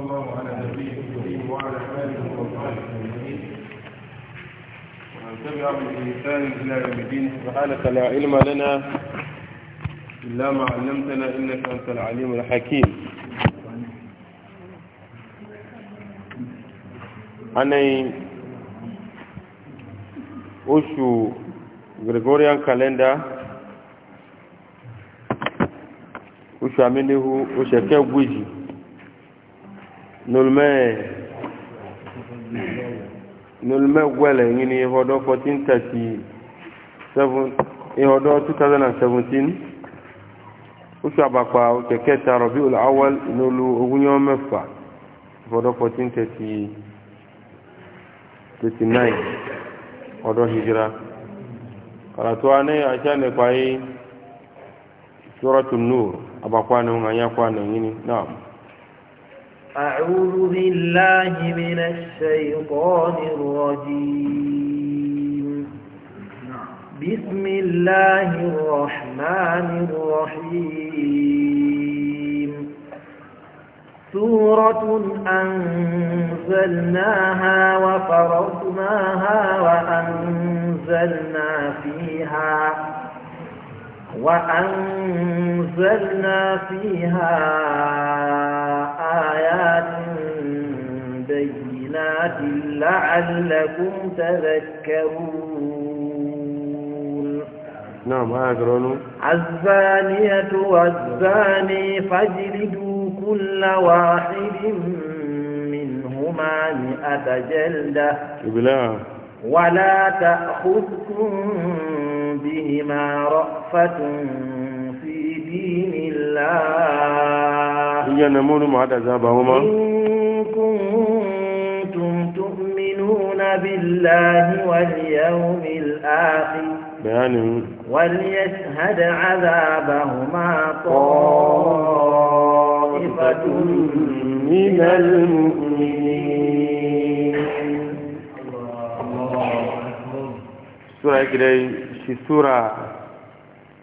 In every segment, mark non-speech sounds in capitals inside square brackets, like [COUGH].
الله على نبيه الكريم وعلى آله وصحبه أجمعين ومن تبعهم بإحسان إلى الدين سبحانك لا علم لنا إلا ما علمتنا إنك أنت العليم الحكيم أنا أشو غريغوريان calendar أشو aminihu oṣù ẹ̀kẹ́ gbèjì nolmɛ nolmɛ wɛlɛ ŋini ihɔ dɔ fourteen thirty seven ihɔ dɔ two thousand and seventeen oṣù àbàpà kẹkẹ ta rọbí ọlọ awọl nolu ogunyọ mẹfà ihɔ dɔ fourteen thirty thirty nine ọdọ hijira karatu ane aṣa nípa yìí sọrọ tunu àbàpà ni wọn ànyà kó àná ŋini náà. أعوذ بالله من الشيطان الرجيم بسم الله الرحمن الرحيم سورة أنزلناها وفرضناها وأنزلنا فيها وأنزلنا فيها آيات بينات لعلكم تذكرون نعم أقرأنا آية الزانية والزاني فاجلدوا كل واحد منهما مئة جلدة بلا ولا تأخذكم بهما رأفة في دين الله yana munu ma da zaba ma kuntum tu'minuna billahi wal yawmil akhir bayanin wal yashhad azabahuma ta'ifatun min al mu'minin sura kidai shi sura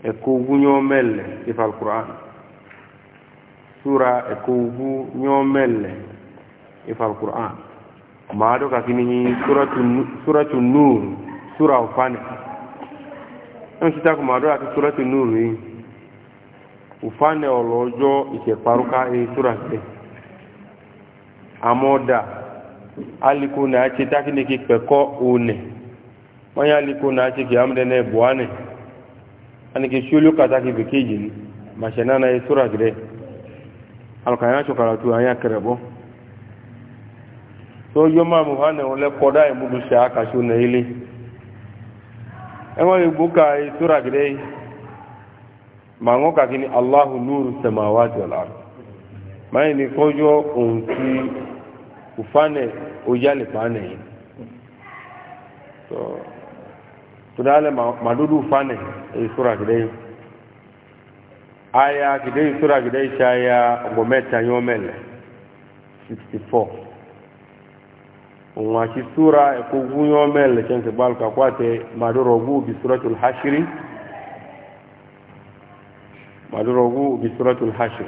e ko gunyo mel ifal qur'an sura ekowu nyomelle ifal qur'an maado ka kini suratu suratu nur sura ufane en kita ko maado ka suratu nur ni ufane olojo ike paruka e sura se amoda alikuna ati takini ki peko une wanya alikuna ati ki amde ne buane aniki shulu kataki bikiji ni mashanana e sura gre alkayacin karatu an ya karabo so yi ma mu hannun wule koda imu dushi aka shi na ile enwe igbo ka yi tura gide ma nwoka kini allahu nuru samawa jola ma yi ni kojo ohun ti ufane ojale fane so tunale madudu dudu fane yi gide aya kidei sura kidei cha ya ngometa yomele 64 ngwa chi sura ekugu yomele chenke balka kwate madoro gu bi suratul hashri madoro gu bi suratul hashri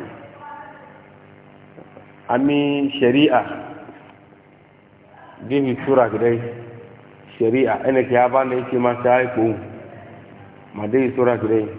ami sharia gini sura kidei sharia ene kiyaba ne chi masai ku madei sura kidei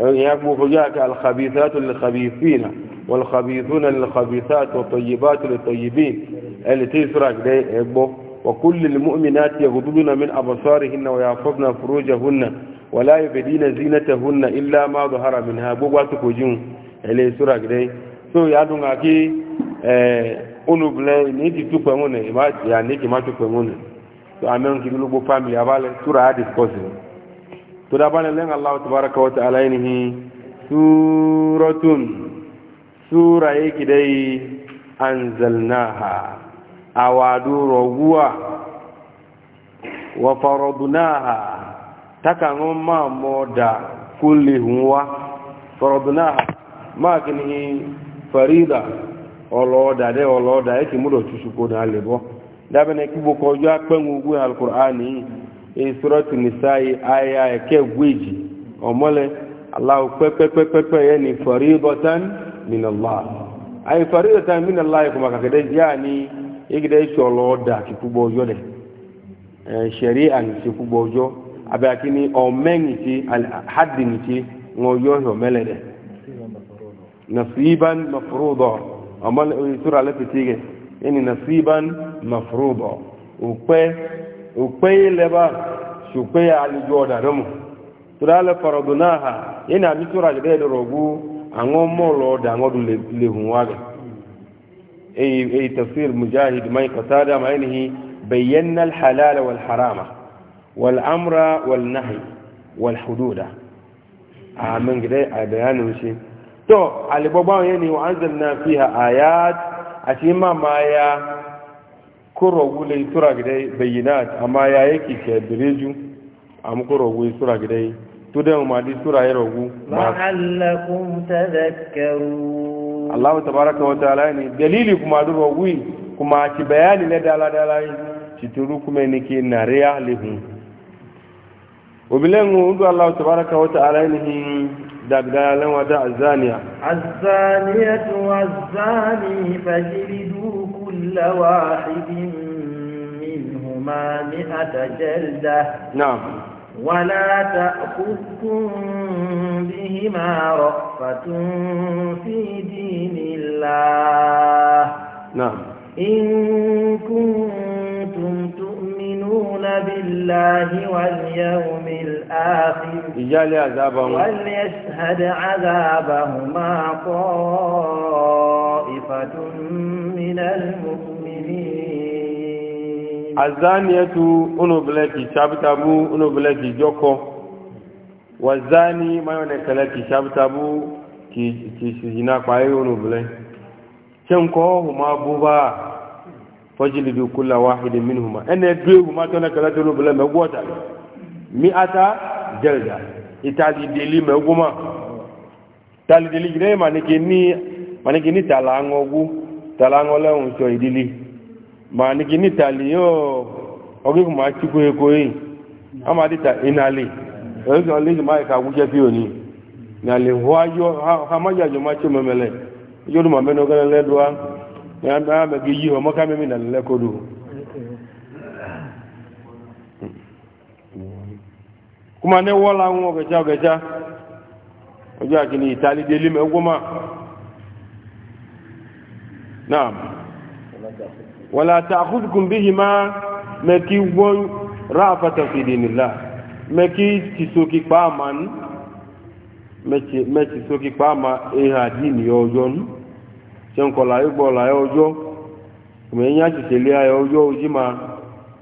يقبو فجاك الخبيثات للخبيثين والخبيثون للخبيثات والطيبات للطيبين التي سرق ده يقبو وكل المؤمنات يغضبن من أبصارهن ويعفضن فروجهن ولا يبدين زينتهن إلا ما ظهر منها بواتك وجون اللي سرق ده so yadun aki eh onubule ni ti tupe mune ya ni ki ma tupe mune so amen ki lugo family abale tura to da bana len Allah tabaraka wa ta'ala yanihi suratun sura yake dai anzalnaha awadu roguwa wa faradnaha takan ma moda kulli huwa faradnaha ma kini farida oloda de oloda yake mudo tusuko da lebo dabene kibo ko jo alqur'ani suratu nisa'i aya ya ke gweji omole allah pepepepepe yani faridatan min allah ay faridatan min allah kuma ka kede yani igide sholo da ki kubo yole sharia ni ki kubo yo abakini omen ti al hadd ni ti ngoyo yo melede nasiban mafruḍa amal sura lati tige yani nasiban mafruḍa upe ukpe leba sukpe alijo ọdadamu tudale faradunaha yana mitura gade da rogu ango molo da ango du lehun waga ay ay tafsir mujahid mai qatada ma inhi bayyana halala wal harama wal amra wal nahy wal hududa amin ah, gade a ah, bayanin shi to alibaba yani wa anzalna fiha ayat atima maya koro wule tura gidai bayinat amma ya yake ke direju am koro wule tura gidai to da ma di tura ya rogu la'allakum tadhakkarun Allah tabaaraka wa ta'ala ni dalili kuma du rogu kuma ci bayani ne dala dala ci turu kuma ni ki nariya lihu وبلغ الله تبارك وتعالى دغدالا ودع الزانية الزانية والزاني فاجلدوا كل واحد منهما مئة جلدة نعم ولا تأخذكم بهما رأفة في دين الله نعم إن كنتم يؤمنون بالله واليوم الآخر إجال وليشهد عذابهما طائفة من المؤمنين الزانية أنو بلاكي شابتابو أنو بلاكي جوكو والزاني ما يونك لكي شابتابو كي سيزينا قائر أنو بلاكي شنكو هما fajilidu kula wahidin minhuma ene duegu ma tona kala tolo bla me gota mi ata jelda itali deli me guma tali deli gre ma ne kini ma ne kini talango gu talango le un so idili ma ne kini tali yo ogi kuma chiku e koi ama dita inali o so ma ka guje bi oni na le hwa yo ha ma ya yo ma chimemele yo ma meno gele le doa mẹ́gbẹ́ yí ọmọ kámẹ́mí nà lẹ́kọ̀ọ́dọ̀ kuma ne wọ́la ń wọ́n gẹ̀já gẹ̀já ọjọ́ àkíní ìtàlí délé mẹ́gbọ́mà náà wọ́la tààkùnkùn bí i máa mẹ́kí wọ́n ráfàtà fìdí nìlá mẹ́kí ti sókí pàmà ní mẹ́kí sókí pàmà èhà dì ní ọjọ́ nù tẹ́ǹkọ́ láyé gbọ́ láyé ọjọ́ mẹ́yìn àṣìṣẹ́lẹ̀ ayé ọjọ́ ojí ma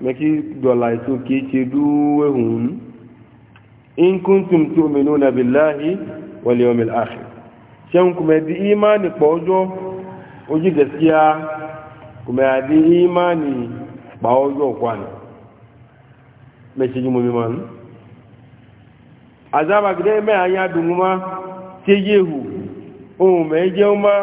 mẹ́kí dọ̀là ètò kìí ṣe dúwé hùn in kuntum tóminú na biláhi wàlẹ̀ ọmọ àṣì tẹ́ǹkùmẹ̀ di imani pọ̀ ọjọ́ ojí gẹ̀síá kùmẹ̀ àdí imani pa ọjọ́ kwani mẹ́ṣẹ́jú mọ́mí ma nù azabagidẹ́ mẹ́ àyà dùnmọ́ tẹ́yẹ̀hù ohun mẹ́ jẹun máa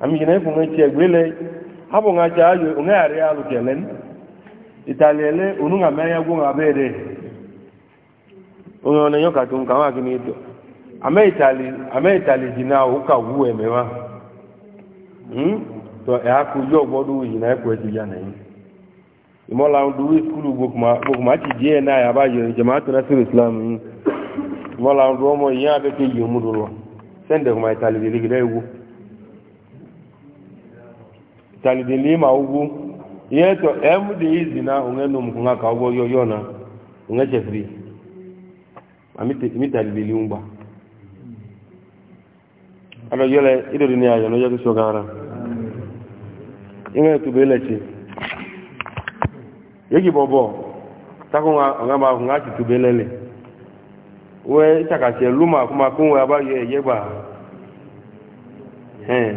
amishina efu nga ci egwele habo nga ci ayo nga yare alu kelen italiele unu nga meya gwo nga bede ono ne yoka tun kama kini to ame itali ame itali jina uka wuwe mewa hmm to e aku yo bodu jina e kweti jana yi imola ndu iskulu gokuma gokuma ti die na ya ba yo jama'atu nasir islam imola ndu mo yi abe ke yomudulo sende kuma itali digi dai wo talidili ma ugu ye to emde izina ungenu mkunga ka ugo yoyona ungeche free amite mitalidili umba alo yole ido dunia yo no yaku shogara inga tu belechi yegi bobo takunga ngama ngachi tu belele we chakachie luma kuma kunwe abaye yegba eh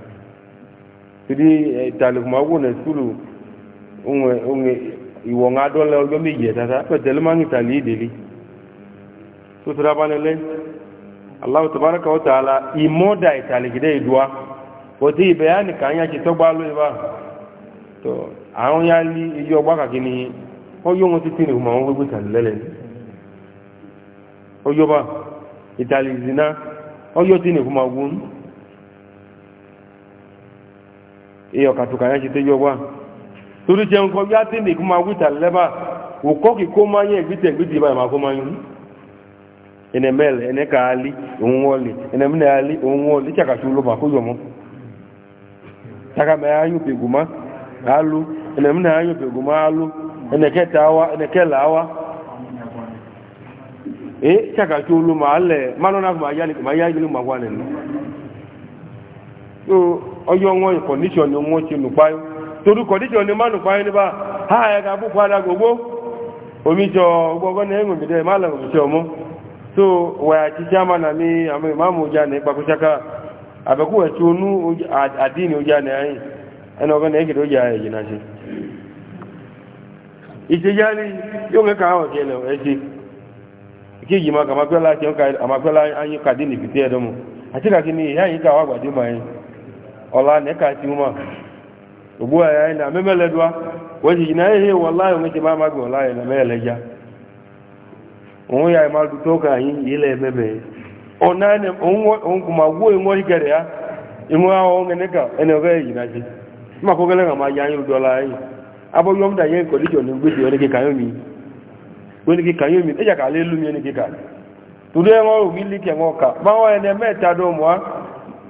tiri italikuma wo ne sulu ŋun ŋun ìwọ ŋa dɔ lɛ mi yɛ tata pɛtɛlɛ ma ŋita li deli sotura ba ne lɛ alahu tabaraka wa taala imɔda italiki Itali idua wote ibɛ ya ni kan ya ti tɔgba lo yi ba tɔ àwọn ya li iye ɔgba kaki ni ɔyɔ ŋun titi ni kuma wọn gbogbo tali lɛlɛ ɔyɔ ba italiki zina ɔyɔ ti ni kuma gun. iyo katuka ya chite yo wa turu je nko ya ti ni kuma wita leba uko ki ko ma ye gbite gbite ba ma ko ma yun ene mel ene ka ali un woli ene mne ali taka me ayu guma alu ene mne pe guma alu ene ketawa eh e, chaka chulo ma manona kuma ya ni kuma so ọjọ́ wọn ìkọ̀díṣọ̀ ni wọ́n ṣe nùpáyé torí kọ̀díṣọ̀ ni má nùpáyé níbà ha ẹ̀ka púpọ̀ alágbogbo omijọ gbogbo ní ẹ̀rùn ìdẹ̀ má ìṣẹ́ ọmọ so wàyà ti sáàmà nà ní àwọn ìmáàmù ọjà ní ìpakúṣáká àbẹ̀kú ẹ̀tí onú àdínì ọjà ní ayé ẹnà ọgbẹ́ ní ẹ̀kẹ̀dẹ̀ ọjà ẹ̀yìn náà ṣe ìṣẹ́jáde yóò mẹ́ka àwọn ọ̀kẹ́ lọ ẹ̀ṣẹ́ kí èyí máa àti kàkí ni ìyá yìí ká wà gbàdúmọ̀ ọla neka ti uma ogbu a ya eh, eh, na memele dua na jina ehe wallahi onwe ti ma ma gbo ọla ya na mele onwe ya ma du to ka ile ebebe. ona ne onwe on enwe higere ya a na ji ma ko gele ma ya yin dola yi eh. abo yom da yen e ka le lu Onye onike kan tudo en o mi ka ba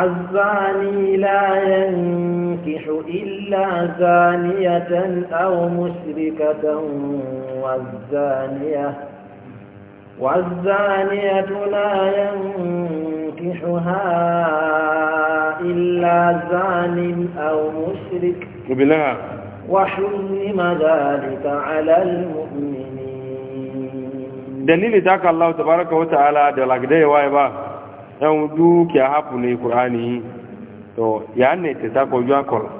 الزاني لا ينكح إلا زانية أو مشركة والزانية والزانية لا ينكحها إلا زان أو مشرك وبلها وحرم ذلك على المؤمنين دليل ذاك الله تبارك وتعالى دلقدي وايبا ẹ̀hùn dúkìá hapù ní kùránì yìí tọ̀ yà á nà ìtẹ̀sákọ̀ ojú akọ̀là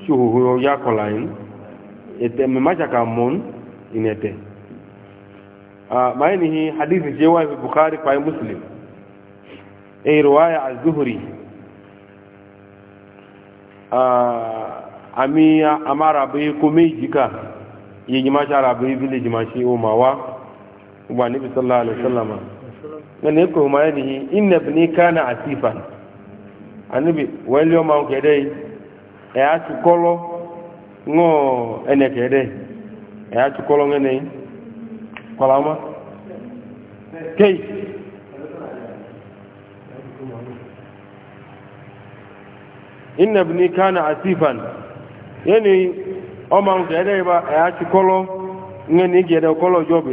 sí òhòhò ojú akọ̀là yìí ẹ̀tẹ̀ mẹ́máṣàkà mọ́n ìnẹ̀tẹ̀ maini hii hadithi jewa fi bukhari kwa muslim e riwaya az-zuhri ami amara bi kumejika yenye mashara bi vile jimashi umawa wa nabi sallallahu alaihi wasallam ngani ko ma yadi inna kana asifan anibi wali o ma kede e a tu kolo ngo ene kede e a kolo ngene kolama kei inna ibni kana asifan yani o ma ba e kolo ngene kolo jobi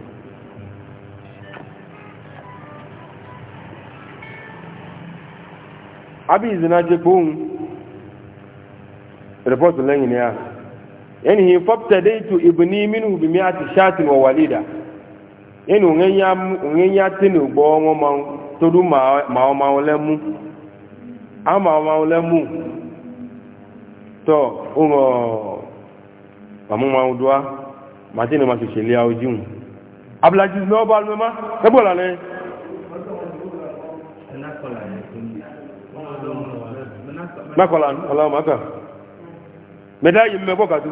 abi zina je kpon report lan ya yani hi fabta daitu ibni minhu bi mi'ati shatin wa walida yani ngen ya ngen ya tinu gbo won ma todu ma ma ama ma to ma udwa ma makwalan alama aka meda yi mmekọ katu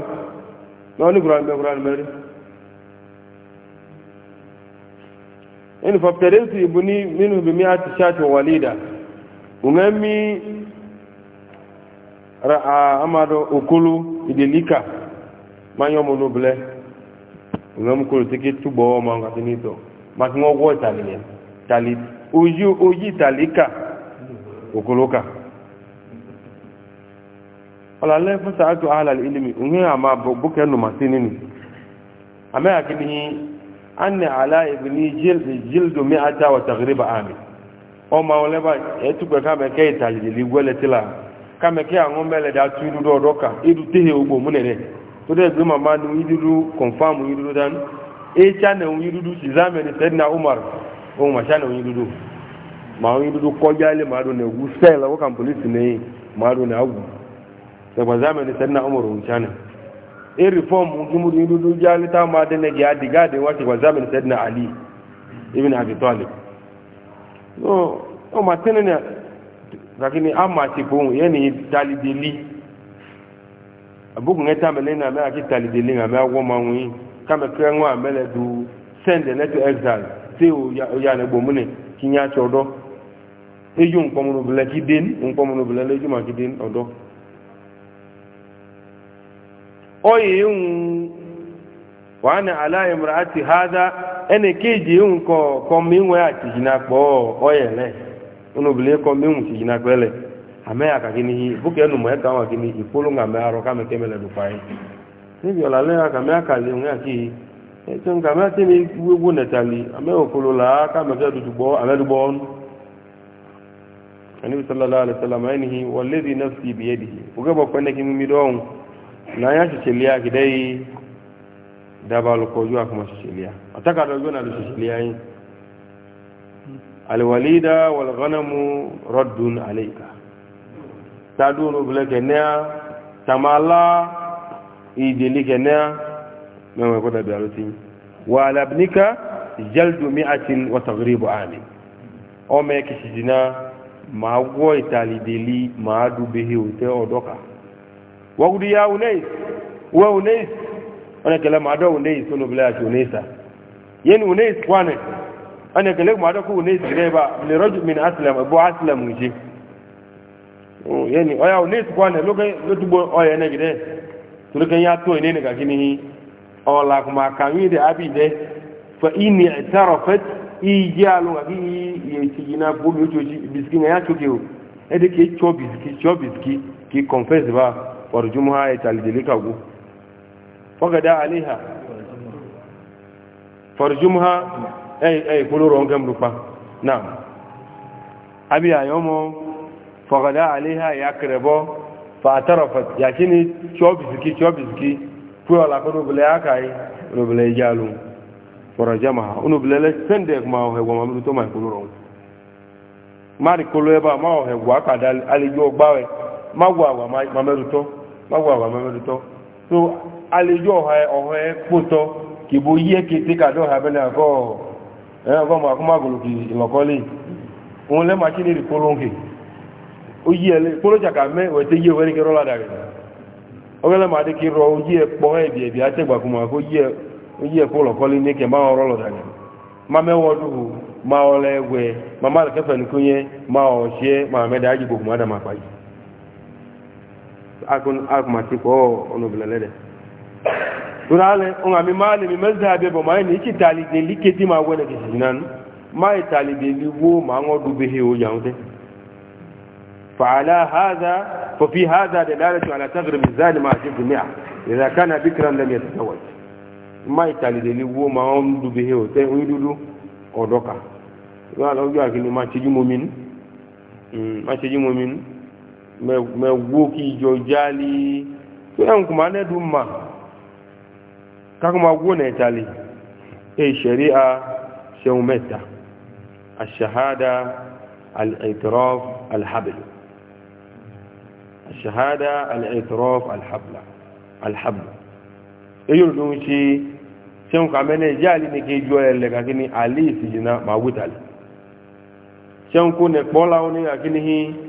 na wani kuran mbe kuran mere in faftarinsu ibuni min bi mi'ati shati walida umemi ra'a amado ukulu idelika manyo mo noble ngam ko tiki tubo ma ngati ni to mak ngo go tali ne tali uji uji talika ukuluka ọ̀làlẹ́ fẹ́sà àtò àhàlàlì ilimi ìhìn àmà bókẹ́ nù màtí nínú amẹ́yàkí ni an ní aláìbì ní jíldù mí àtà wà tàgíríbà àmì ọmọ àwọn lẹ́bà ẹtùgbẹ́ kámẹ́kẹ́ ìtàlìlì gbẹ́lẹ̀ tílà kámẹ́kẹ́ àwọn mẹ́lẹ̀ dá tún dúdú ọdọ́ ká idú tíhe ogbò múnẹ̀rẹ̀ tó dẹ̀ gbé màmá ní idúdú kọ̀nfàmù idúdú dánú éjá nà òun idúdú sìzámẹ́ ní sẹ́dínà umar idúdú màá idúdú kọjá lé màá dùn màá dùn sẹ̀gbọ̀n zamani sẹ́nà ọmọ rò wùchá nà e reform gúnmùrù ìdúdú já lítà máa dẹ́nẹ̀ gẹ̀ àdìgáàdì wá sẹ̀gbọ̀n zamani sẹ́nà àlì ibn abi talib no o ma tẹ́nẹ̀ ní kakini a ma ti kóhun yẹ́ ni talideli abúkùn ẹ̀ta mẹ́lẹ́ ní àmẹ́ àti talideli ní àmẹ́ àwọ́ máa wọ́n yìí kámẹ́ kẹ́ wọ́n àmẹ́lẹ́ du send the letter exile tí o yà ní gbòmùnì kí ní àtsọ̀dọ́ ejú nǹkan mọ̀nà bìlẹ̀ kí dé nǹkan mọ̀nà bìlẹ̀ lẹ́jú màá kí dé ọ̀dọ́ oyi yin wa na ala imraati hada ene keji yin ko ko mi nwe ati jina po oyele unu bile ko mi nwe jina pele ame aka gini buke nu mo ka wa gini ipolo nga me aro ka me kemele du pai ni bi ola le aka me aka le nwe ati e to nga me ati mi wuwu netali ame okolo la ka me fe du du bo ame du sallallahu alaihi wasallam ainihi walladhi nafsi bi yadihi ugabo kwende kimi midon na ya cicilia gidai dabalu ko juwa kuma cicilia a takardar juna da cicilia yi alwalida walghanamu raddun alaika ta duru bile kenya tamala idili kenya mewa ko da biyaruti wa labnika jaldu mi'atin wa taghribu ani o me kisijina ma gwo itali deli ma du bihi ute odoka wagudi ya unais wa unais ana kala ma do unais sunu bila ya unaisa yani unais kwane ana kala ma do ku unais greba li rajul min aslam abu aslam ngi yani oya unais kwane lo kai lo tubo oya ya to ne ne ga kini ola kuma kami da fa inni i'tarafat ijalu ga yi tigina ko bi to ji biskin ya to ke o ki confess ba warjumha ya taljilika gu fagada alaiha farjumha ay ay kuluron gamru fa na'am abi ayomo fagada alaiha ya krebo fa tarafat yakini chobiziki chobiziki kuwa la kono bile akai no bile jalu warajamaha unu bile le sende ma o hego ma to ma kuluron mari kulu ma o hego akada alijo gbawe magwa wa ma meruto máwàá wà mẹ́mẹ́rin tọ́ so alejò ọ̀họ́ ẹ kpótọ́ kìbò yí ẹ kété kàdọ́ abẹ́lẹ̀ àgọ́ ẹ̀rọ àgọ́ ma akọ́mọ́gòlò kì ìlọ́kọ́lé òun lẹ́ màá kíni ìkólóńkè ó yí ẹ lé mẹ́ wẹ̀tẹ́ yí ẹ wẹ́rẹ́ kẹrọ́ ládàá ọgbẹ́lẹ́ màá dé kí rọ ó yí ẹ kpọ́ ẹ̀bì ẹ̀bì àtẹ̀gbàkùmọ̀ àkó yí ẹ akun akumati ko ono bilalede turale onga mi mali mi mazhabe bo mai ni kitali ni liketi ma wona kisinan mai tali be ni wo ma ngodu be he o yaunde فعلى هذا ففي هذا دلالة على تغرب الزاني مع جنس المئة إذا كان بكرا لم يتزوج ما يتالي دلي وو ما عمدو به وتين ويدودو أو دوكا يقول الله يقول ما تجي مؤمن ما تجي مؤمن mɛwo k'idzɔ dzali tó yẹn kuma ne dun ma kakuma wo ne tali eye sariya sɛwọn bɛ ta asahada al-itiraf al-habl asahada al-itiraf al-habla al-habla eyi o dun si sɛwọn kamɛ ne dzali ne k'idzɔ yɛ lɛ kakini ali si jina ma wo tali ko ne kpɔlawo ne kakini hin.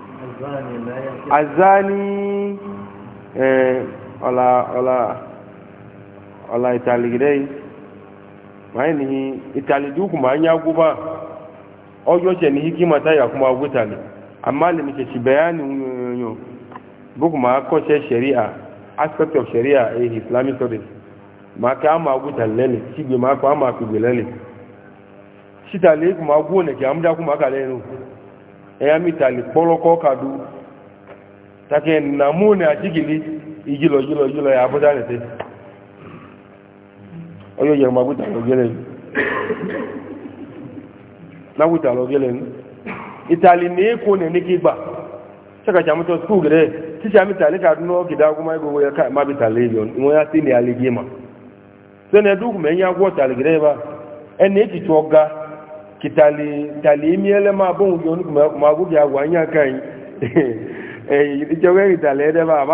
azani eh ola ola ola italigidei maini italiju kuma anyagu ba ojo se ni hikima ta ya kuma gutale amma le mi se bayani yo bukuma ko se sharia aspect of sharia eh islamic studies ma ka ma gutale le sigbe ma ko ma ku gele le sitale kuma gwo ne ki amda kuma ka le no ya mitali kpọlọkọ kadu take na mụ na achigili ijilo jilo jilo ya abụja nete onye yere ma gwụtara ogele na gwụtara itali na na enike ịgba skul mitali na ka ma ya si na ya sene ma enye tali gere ebe a ene echiche kitali tali imiele ma bon yo nu ma gu ya wa nya kai [LAUGHS] eh jo ga kitale de ba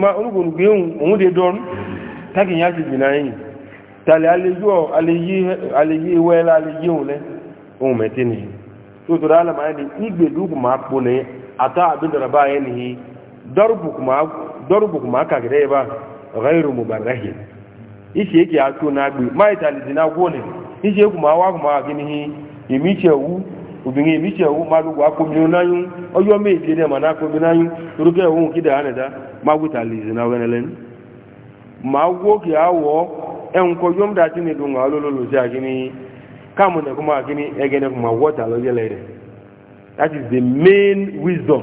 ma unu un de don ta ki ji yin tali ale yo ale yi ale yi we la ale yi un le un me ma ni igbe du ma po ne ata abin da ba yin ni ka gire ba ghairu mubarrahin iche eke ya chụ na agbe na agwọ ole iji egwu ma awa agụma gị n'ihe emiche ewu obìnrin èmi ṣe ẹ̀wọ́ máa gbogbo akómìnir náyún ọjọ́ méje ní ẹ̀mà náà kómìnir náyún torúkọ ẹ̀wọ́n kí dáa nìdá máa wí tàlẹ̀ ìzìnà wẹ́nẹ̀lẹ́nu máa wó kì á wọ́ ẹ̀hún kọ yóò that is the main wisdom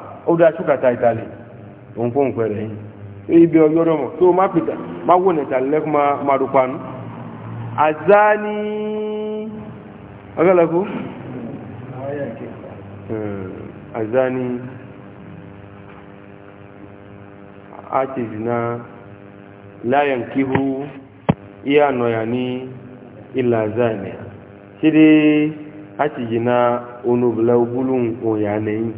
ó dá ṣúkàtà ìtàlẹ̀ òun fóun pẹ̀rẹ̀ yìí ibi ọjọ́rọ̀ mọ̀ tó má pìtà má wò nẹ̀tà lẹ́kùn máa rú panú àzáni ọgọ́lẹ́kú hmm, àzáni àtìzìnà láyàn kíhú iya nọ̀yà ní ilà àzáni ṣídé àtìzìnà onúbìlẹ̀ ogúlùn òyà nẹ́yìn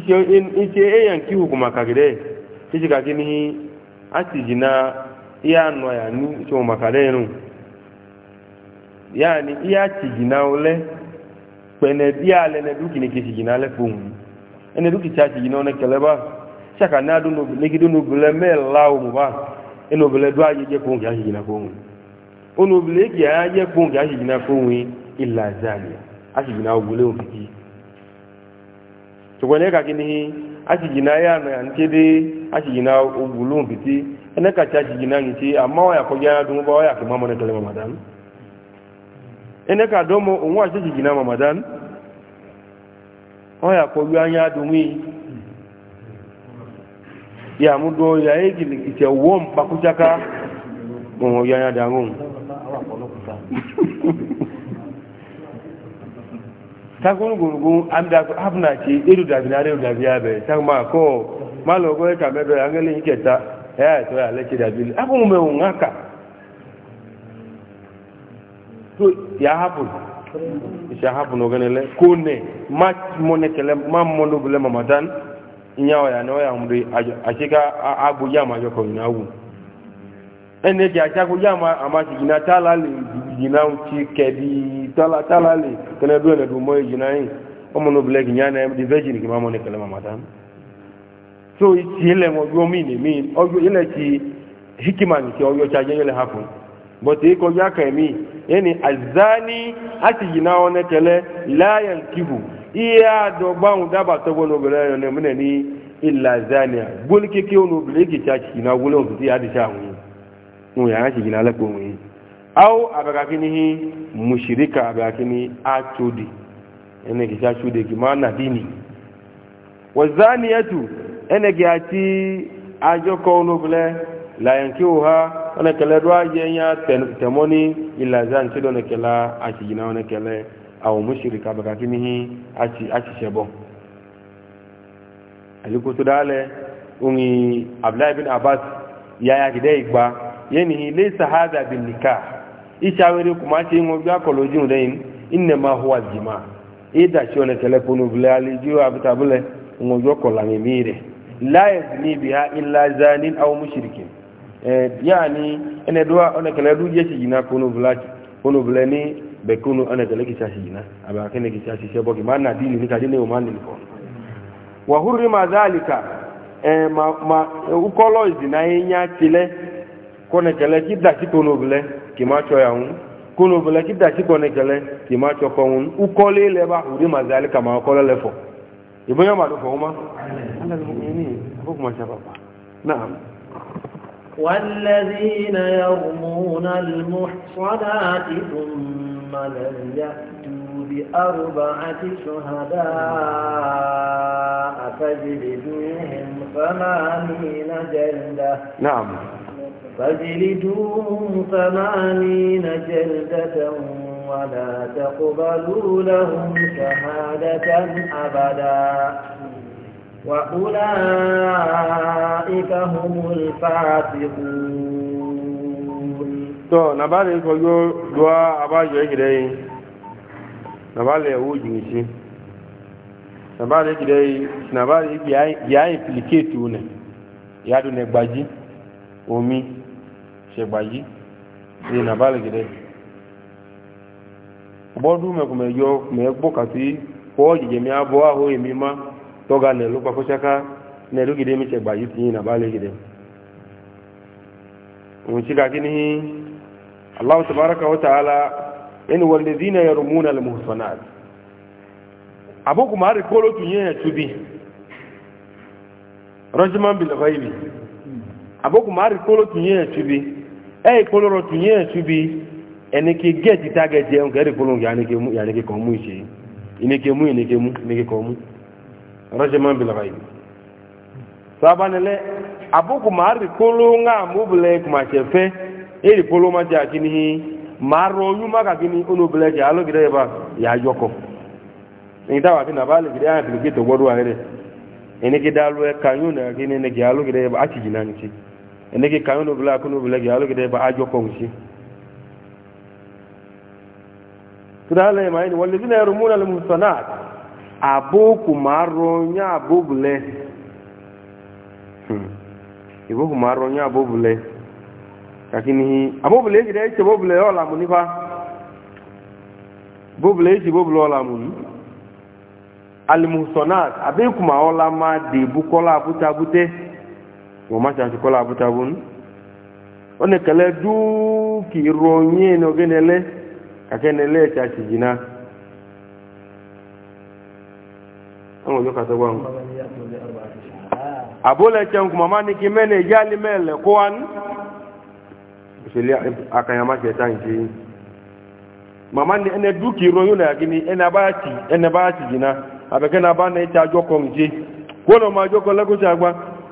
iche eya e nke iwu maka gide iche ka gị n'ihi atiji na ihe anọ ya n'iche maka Ya ni, ihe atiji na ole kpene bia le ne duki ne kisi na le fom. ene duki cha ji no ne keleba chaka na du no ne gidu no bule me lawo mu ba eno bule do aye je kun ga jina kun ono bule ki aye kun ga na fom illa zani asi jina ogule o fiki tụkwa nye ka gị n'ihi achiji na ya na nchede achiji na ogbulu nkịtị ene kacha achiji na nkichi ama ọ ya kọja ya dum ọ ya kema mọ nekele mamadan ene ka domo onwe achiji na mamadan ọ ya kọju anya dumi ya mudo ya egili ite wom bakuchaka onwe ya anya dangun tagun gurgun an da hafna ce iru da bi na da biya bai tan ma ko malo go ka me be angele yake ta eh to ya lake da bi abu me un haka to ya hapu ya hapu no gane le ko ne ma mo ne kele ma mo no bule ma nya ya no ya umri ashika ya ma yo ko na wu ene ya ma ama na tala jina ti kɛdi tala tala le kɛnɛ do yɛlɛ do mɔ ye jina ye o mɔnɔ bilɛ k'i ɲanɛ di vɛ jini k'i ma mɔ ne kɛlɛ ma ma tan so ti lɛ mɔ yɔ min ne min ɔyɔ yɛlɛ ti hikima ni ti ɔyɔ ca yɛlɛ ha fun bɔn te kɔ ya kɛ min yanni azani a ti jina wɔ ne kɛlɛ laayɛl kibu i y'a dɔn gbanw daba tɔgbɔ n'o bɛlɛ yɛlɛ ne minɛ ni ila zania gbɔli keke n'o bɛlɛ k'i ca jina wolo o ti a di sa ŋun ye ŋun y'a jina lɛ ko ŋun ye aw abagakinihi mushirika abagakini achudi ene kisha chude kimana dini wazaniyatu ene giachi ajoko onubule la yankiuha ona kele dwaje nya temoni ila zan chido ne kela achijina ona kele au mushirika abagakinihi achi achi shebo alikutudale ungi abdullah ibn abbas yaya kidai gba yenihi laysa hadha bin nikah ishawere kuma ce yin wabi akolojin da yin inna ma huwa jima ida shi wani ali bile alijiyo abita bile ngojo kolami mire la yazni biha illa zanin aw mushrikin eh yani ene doa ona kala du je jina kono vlaki kono bleni be kono ana kala kisha chashi jina aba kene ki chashi sebo ki mana dini ni kadine o mani ko wa hurrima zalika eh ma ma ukolo zina yenya chile kone kala ki da ki kono bleni kimacho ya hun kunu bula kida ci kone kele kimacho ko hun ukole le ba uri mazali kama ukole le fo ibo ya madu fo ma ala mu'mini ko kuma shabab na'am والذين يرمون المحصنات ثم لم يأتوا بأربعة شهداء فاجلدوهم ثمانين جلدة نعم فاجلدوهم ثمانين جلدة ولا تقبلوا لهم شهادة أبدا وأولئك هم الفاسقون تو نبالي كوجو دوا أباجو إكدي نبالي أوجي نشي نبالي إكدي نبالي إكدي يا إمبليكيتو ne yadu omi ṣẹ̀gbàyí ní nàbàlẹ̀ gẹ̀dẹ̀ ọgbọ́dún mẹ́kùnmẹ́yọ mẹ́gbọ́kàtí kọ́ jẹjẹ mi abọ́ ahó èmi má tọ́ga nẹ̀lú pakọ́ṣáká nẹ̀lú gẹ̀dẹ̀ mi ṣẹ̀gbàyí ti ní nàbàlẹ̀ gẹ̀dẹ̀ òun ṣíkà kí ta'ala abokumari kolo tunye etubi eyi kpoloro tunye etubi eneke gẹẹti tagẹẹti ẹhun kẹrì kpolongo yaneke kọ mu ìṣe ineke mu ineke mu ineke kọ mu rọjẹmọ bilaba yìí sabanilẹ abokumari kpolo ŋa mobile kumasẹ fẹ eyi kpolo ma jẹ Ma maaro oyún má kakini onobile jẹ alogide yẹ ba yà á yọkọ nígbà wà kí nàbà lè gidi àyàn tìlùkì tó gbọdọ wà rẹ ẹnìkí dàlú ẹ kàyún nà kí ni ẹnìkí alogide yẹ ba á ti jìnnà nìkí. eneke kayo no bla kuno bla gi aloge de ba ajo kongsi tudale maini walladhina yarmuna almuhsanat aboku maronya abubule hmm. iboku maronya abubule lakini abubule gi de che bubule ola munifa bubule gi bubule ola muni almuhsanat abeku ma lama ma de bukola buta bute wọ́n má ṣàṣì kọ́lá abútabú ní wọ́n ní kẹlẹ́ dúkì ròyìn ní ọgẹ́nẹlẹ́ kàkẹ́nẹlẹ́ ṣàṣì jìnnà àwọn òjò kàtọ́ wọn. àbólẹ̀ tẹ̀ ń kùmọ̀ má ní kí mẹ́nẹ̀ yálé mẹ́lẹ̀ kó wa ní òṣèlú akanyamaṣẹ́ táǹkì yìí mama ni ene duki ro yule akini ene bati ene bati jina abeke na bana ita joko nje kono ma joko lego chagba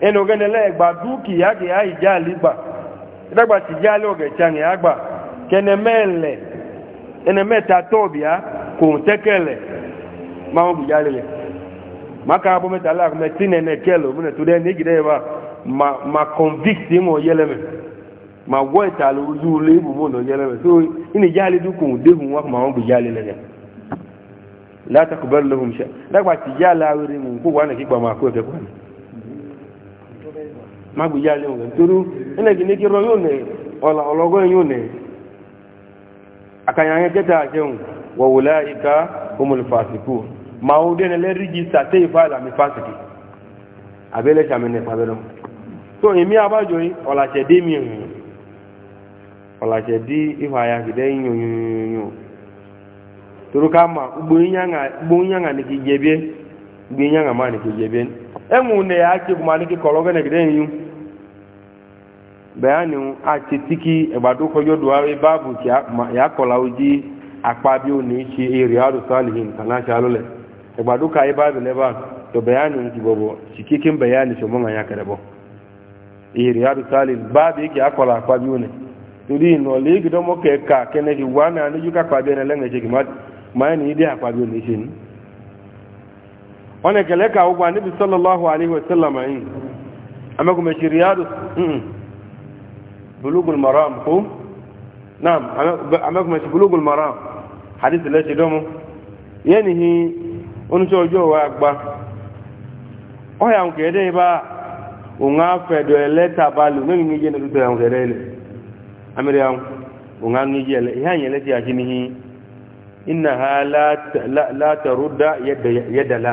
ẹnu ogene lẹ́ẹ̀gbà dúkìá kì á ìjà àlígbà ìdágbà ti já lé ọ̀gẹ̀chá ní àgbà kẹne mẹ́ẹ̀lẹ̀ ẹne mẹ́ta tọ́ọ̀bìá kò ń tẹ́kẹ̀lẹ̀ máa ń gbìyà lẹ̀ maka abọ́ mẹ́ta láàkùnmẹ́ tí ma convict mọ̀ yẹlẹ́mẹ̀ ma wọ́ ìta lójú léèbù mọ̀ nà yẹlẹ́mẹ̀ so ìní já lé dúkùn déhùn wa máa agba mú kó wà ní kígbà máa kó magbuji ya òun toru ẹnẹ́ kì ní kí rọ yóò nẹ̀ ọlọ́gọ́ yóò nẹ̀ akanyanyẹ kẹta àjẹun wọ̀wọ̀lá ma ó dẹ́nà lẹ́rìjì sàté ìfáàlà mi fásikì abẹ́lẹ̀ sàmìnẹ̀ mi ya kìdẹ́ yìnyínyìn toru ká ma enwe une ya ake bụ maliki kọrọ oge negide enyu bayani ake tiki egbado kojo duwari babu ya kọla oji akpa bi one ichi iri e adu salihin kana ka to e e bayani ki bobo cikikin bayani shi mun ya karebo salihin babu yake akọla akpa bi one torí ìnà lẹ́yìn gidan mọ́kẹ́ ká kẹ́nẹ́kì akpa bi one lẹ́ngẹ̀ẹ́ wani galeka ugba nabi sallallahu alaihi wasallam ayin eh? amma kuma shi riyadu mm-hmm. bulugul maram ko na'am amma kuma shi bulugul maram hadith la shi domo yanihi onu so jo wa gba o oh, ya ngede ba o nga fe do e leta balu ngi ngi je na do ya ngede le amiri ya o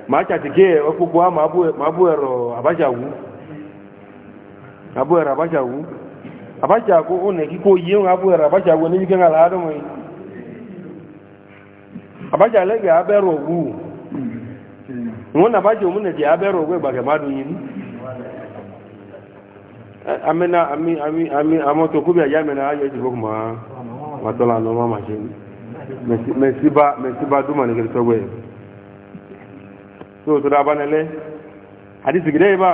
ma chatike okpukpu a ma abụghero abachagwu abụghero abachagwu abachagwu ụna wu oyi nwe ike ngala arụ nwe abacha le ga abịara ogwu nwe na abacha omu na ji abịara ogwu gbage mmadụ yi ami ami ami amoto ayo ji boku no so to da banale hadisi gidai ba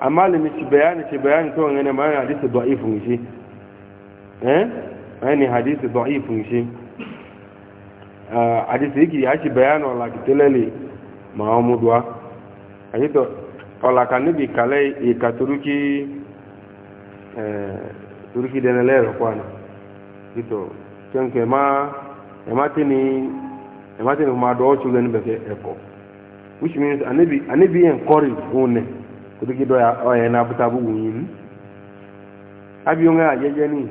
amma limi ci bayani ci bayani to ngene ma hadisi da'ifun shi eh yani hadisi da'ifun shi hadisi yake ya ci bayani wala kitalele mahamudwa ayito wala kanibi kale ikaturuki eh turuki denelero kwana ito kenke ma ematini ematini ma do chulen beke eko which means anabi anabi encourage hone kutuki do ya oh, na butabu win abiyo nga yeje ni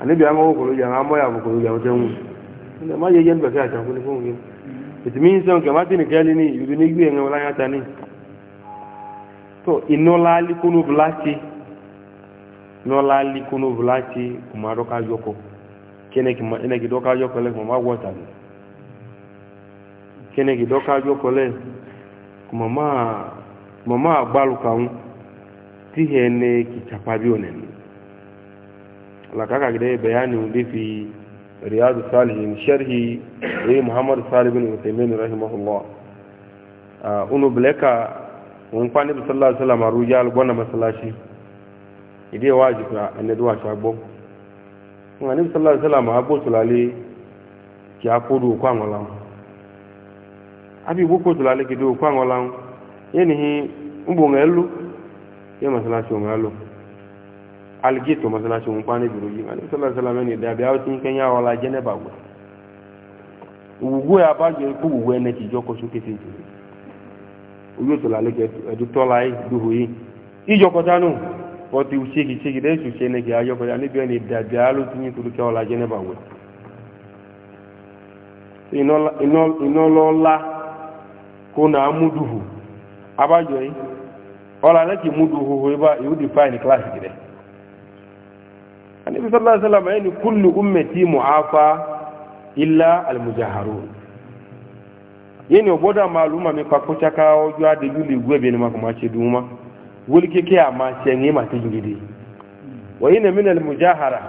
anabi anga ko lo ya ngamo ya ko lo ya otengu na ma yeje nbe ka ni kuni kungi it means on ke matini kali ni yudu ni gbe nga wala ngata ni to inola li kunu blati nola li kunu blati kumaro ka yoko kene ki ma ene ki do ka yoko le ma wota ni kene ki do ka yoko le Kumama, mama agbalu kan ti hene ki chapabi onen la gide bayani undi fi riyadu salihin sharhi e muhammad salih bin utaymin rahimahullah uh, unu bleka won pani bi sallallahu alaihi wasallam aruja al bona masalashi ide wajibu an duwa shagbo won ani sallallahu alaihi wasallam abo tulale ki akodu kwa ngolan abi wuko tula le gido kwa ngola yeni hi mbo ngelu ye masala cho ngalo algito masala cho mpani biro yi ngalo sallallahu alaihi wasallam ni da biawo tin kenya wala jeneba gwa ugu ya ba je ku ugu ene ti joko so kete ti ugu tula le gido edu tola yi e, duhu yi ijoko tanu oti usiki chiki de su chene ki ayo ko ya ni bi ni da biawo tin ku ke wala jeneba gwa inola inola Kuna na muduhu abajo yi ola laki muduhu ho ba you define class gide annabi sallallahu alaihi wasallam yani kullu ummati muafa illa almujaharun yeni oboda maluma mi kwa kocha ka ojo ade yuli gwebe ni makoma cheduma wuli keke ama chengi matingidi wa ina min almujahara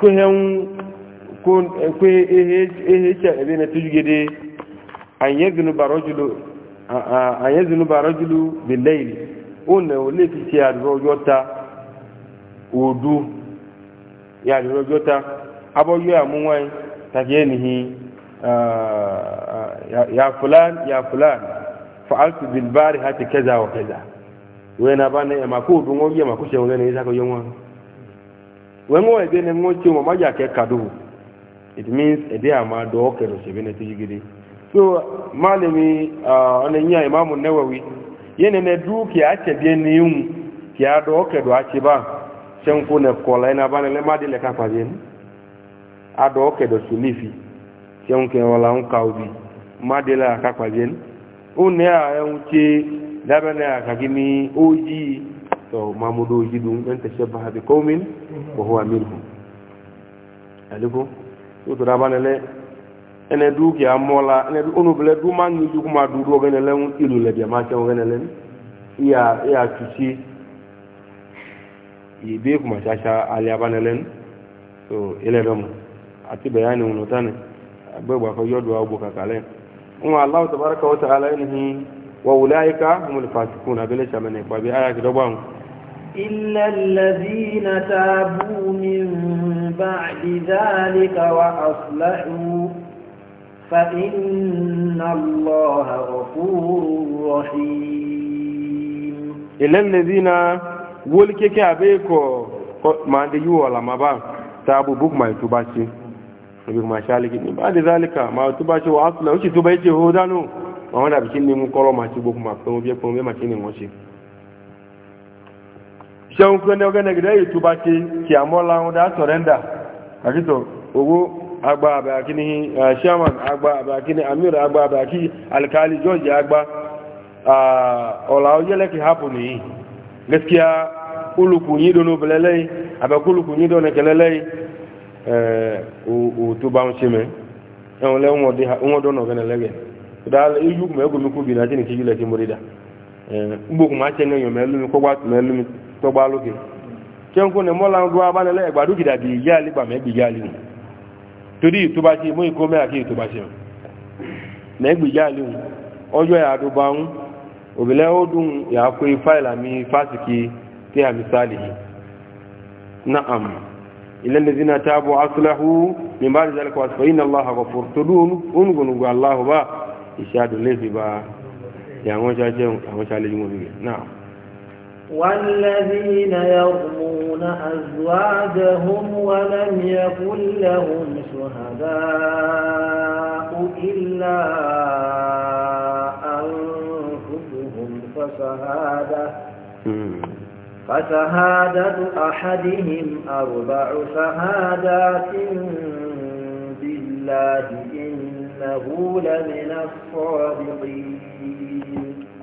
ko hen ko ehe ehe cha ebe na tujugede an yẹ zunuba rọjulu bilayi ó nà ó lè fi ṣe àdúrọjọ ta òdu ya àdúrọjọ ta abọ́yọ àmúwáyé tàbí ẹnìyí ya fulan ya fulan fa'altu bilbari hati kaza wa kaza wẹ́n náà bá ní ẹ̀mà kó òdu wọn yí ẹ̀mà kó ṣe wọn lẹ́nu ìṣàkóyọ wọ́n ẹ̀dẹ́ ni wọ́n wọn it means ẹ̀dẹ́ àmà dọ́ kẹrù ṣèbí ní so malami wani uh, yi imamu nawawi yana na duki a ce biyan ni yin um, ki a da oke da ake ba can ko na kola yana ba na lema da leka kwaje ni a da oke da su lifi can ke wala n kawo bi ma da leka kwaje ni o ne a yan e wuce dabe ne a kagi ni oji to mamudu oji dun yan ta shabba habi komin ko huwa milhu aliko so to da ba na le ene du ki amola ene du onu bele du mangi du kuma du do gene len ilu le dia ma che gene len ya ya tuchi yi be kuma shasha ali abane len so ile dom ati bayani uno tane agbe gba ko yodo abu kakale wa allah tabaraka wa taala inhi wa ulaika humul fasiquna bele chamene kwa bi aya kidobo إلا الذين تابوا من بعد ذلك وأصلحوا فإن الله غفور رحيم إلا الذين ولكك أبيكو ما عندي ولا ما بان تابو بوك ما يتوباشي يبيك ما شالك بعد ذلك ما يتوباشي وأصلا وش يتوباشي هو دانو ما هو دابشين نمو كولو ما تبوك ما فمو بيك فمو بيك ما تيني موشي ṣeun kí ó ní ọgẹ́nẹ̀gẹ́dẹ́ ìtúbá ṣe kí àmọ́ láwọn dá sọ̀rẹ́ndà àkítọ̀ owó agba abakini shaman eh, agba abakini amir agba abaki alkali george agba ọla ah, ojele ki hapụ n'iyi gaskiya abakwa otuba nchime nwodo na ogene lege dala iyi ukwu ma egwu mikwu bi na chineke yile ki morida mgbokwu ma chenye yo ma elumi torí ituba ṣe mú ikó mẹ́ra kí ìtúbá ṣe nẹ́gbìjá léhun ọjọ́ ìyàdúbà ń òbílẹ̀ ó dùn ìyàkó fáìlà mi fásitì tí a misali na'am ilẹ̀ lè zina ta bọ̀ asúláhù bá rìzà lẹ́kọ̀ọ́ àti fẹ́yìn tó dùn onígunugbu aláhùbá والذين يرمون أزواجهم ولم يكن لهم شهداء إلا أنفسهم فشهادة فشهادة أحدهم أربع شهادات بالله إنه لمن الصادقين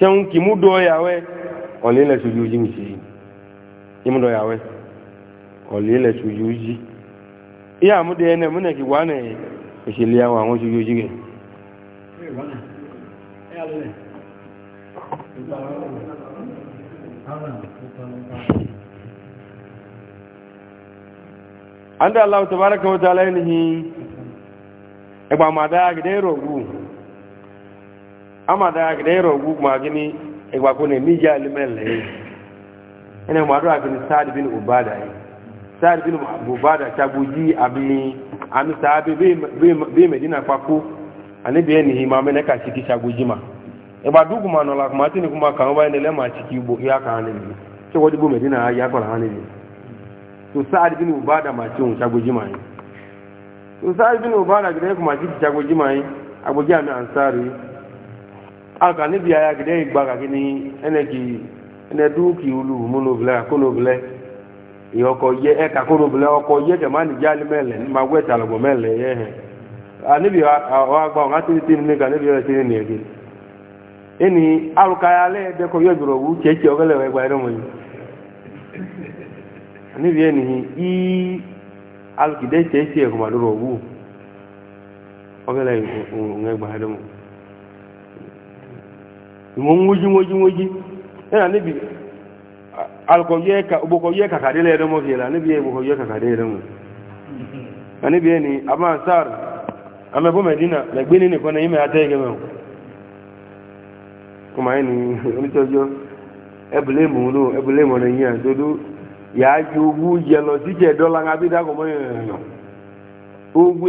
sẹ́hun kì mú dọ́ yàwẹ́ ọ̀lẹ́lẹ̀ sojú jí mi sí i mú dọ́ yàwẹ́ ọ̀lẹ́lẹ̀ sojú jí ìyá àmúdẹ ẹnẹ múnẹ̀ wà nẹ̀ òṣèlè àwọn àwọn sojú jí rẹ̀ amada agidero gugu magini egba ko ne mija limele ene madu agini sad bin ubada sad bin ubada tabuji abi ami sahabi bi bi medina kwaku ani bi eni hima mene ka chiki tabuji ma egba dugu ma no la kuma tini kuma kan ene le ma chiki bo ya kan ni bi to wodi bu medina ya ko han ni to sad bin ubada ma chun tabuji ma to sad bin ubada gidere kuma chiki tabuji ma agbogi ami ansari aka níbi ayá gidẹ́ ìgbà kàkí ní ẹnẹ́kì ẹnẹ́dúkì ma múnobilẹ̀ kónobilẹ̀ ìyọkọ̀ yẹ ẹ̀ka kónobilẹ̀ ọkọ̀ yẹ kẹ̀ máa nìjà ní mẹ́lẹ̀ ní máa wẹ̀tà lọ́gbọ̀ mẹ́lẹ̀ yẹ hẹ̀ níbi eni agbá ka ya tí ní ká níbi ẹ̀rẹ́ tí ní ẹ̀gẹ́ ẹni alùkáyà alẹ́ ẹ̀dẹ́kọ̀ yọ ìgbọ̀rọ̀ wú kẹ́kẹ́ ìwọ̀n wójú wójú wójú ẹ̀nà níbi alkọ̀yẹ́ kàkàdélẹ̀ ẹ̀rọmọ́ fi ẹ̀nà níbi ẹ̀bùkọ̀yẹ́ kàkàdélẹ̀ ẹ̀rọmọ́ níbi ẹni amánsar amẹ́bọ́mẹ̀dínà lẹ́gbẹ́ nínú ìkọ́nà yìí mẹ́ta ẹgẹmẹ́ kọmọ ẹni onítọ́jọ́ ẹbùlẹ́mù ló ẹbùlẹ́mù ọ̀nà yìí àdódó yàá ju ugwu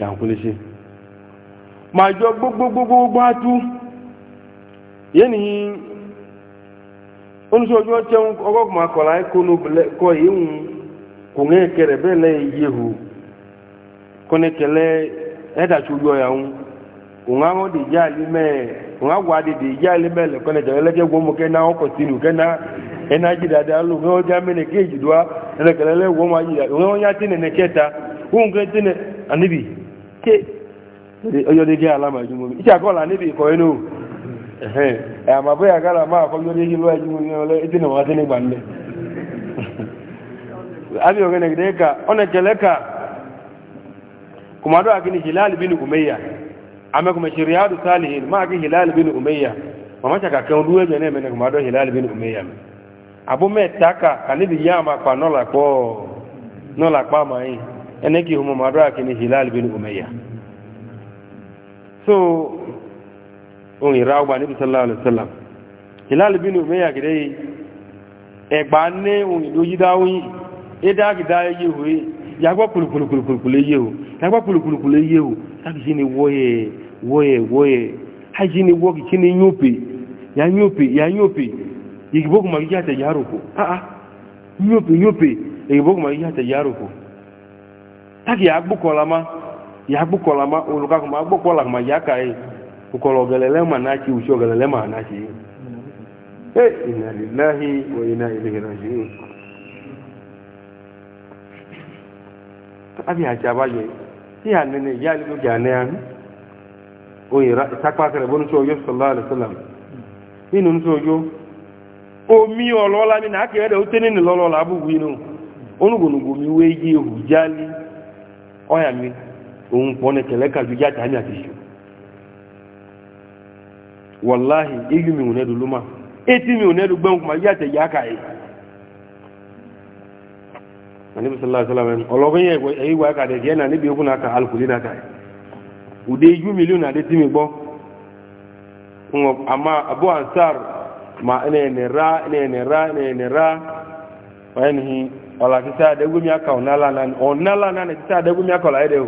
dàkúnléṣe máa jọ gbogbogbogbogbò atú yẹ́nì oníṣòjú ọ̀tẹ́hún ọgọ́gbọ̀n akọ̀lá kọ́ ìhùn kò ń kẹrẹ̀ bẹ́ẹ̀ lẹ́yìn yehu kọ́nẹ́kẹ̀lẹ́ ẹ̀dàtújú ní wọ́n yá tẹ́nẹ̀ nẹ́kẹ́ta àníbì ke oyodege alamajumomi iṣẹ́ àkọ́lá níbi ìkọ̀ inú ẹ̀hàn àbúrò àkàrà máa kọ́ yodege lọ́wọ́ ẹjúmomi ọlọ́ ètò ìnáwó àti nígbà ńlẹ̀ abi [LAUGHS] ọ̀gẹ́ nẹ̀gẹ́dẹ́ ka ọ̀nà kẹlẹ́ ka kùmàdọ́ àkíní hilal bin umayya amẹ́kùnmẹ̀ ṣe riyadu salihin máa kí hilal bin umayya màmá ṣàkà kẹ́ ọdún ẹ̀jẹ̀ náà mẹ́nà kùmàdọ́ hilal bin umayya mi abúmẹ̀ taka kàníbi yá pa nọ́là pọ̀ nọ́là pa ẹnẹ́kì ọmọ màdúrà kìíní hilal bin umayya so ohun ìra ọgbà níbi sallallahu alaihi wasallam hilal bin umayya gidẹ ẹgbà ní ohun ìlú yídá oyin ẹdá gidá yé o yàgbọ́ kùlùkùlùkùlùkùlù yé o yàgbọ́ kùlùkùlùkùlù yé o láti sí ni wọ́yẹ̀ wọ́yẹ̀ wọ́yẹ̀ hajji ni wọ́kì kí ni yóòpè yà yóòpè yà yóòpè ìgbókùnmọ̀ yíyàtẹ̀ yàrùkù ah ah yóòpè yóòpè ìgbókùnmọ̀ yíyàtẹ̀ yàrùkù taki ya gbukɔla ma ya gbukɔla ma kuma gbukɔla kuma ya ka ye ukɔlɔ ma n'a ci usi gɛlɛlɛ ma n'a ci e ina na wa ina ilahi rajiun abi a jaba ye ti ya nene ya lilu ya o yira takpa kɛrɛ bonu sɔ yɔ sallallahu alaihi wasallam inu omi n'a o mi jali. ọ̀yà mi òun pọ̀ ní kẹlẹ́kà ju jáde àmì àti ìṣù wàláhì igi mi ò nẹ́dù ló máa etí mi ò nẹ́dù gbẹ́hùn kùmà yíyà tẹ̀ yáàkà yìí àníbi sọlá sọlá mẹ́rin ọlọ́gbọ́n ansar ma ẹnẹ̀ ẹnẹ̀ ra ẹnẹ̀ ẹnẹ̀ ra ẹnẹ̀ ọ̀la kí sáà dẹ́gbẹ́ mi aka ọ̀nàlá náà ọ̀nàlá náà kí sáà dẹ́gbẹ́ mi aka ọ̀la ẹ̀dẹ̀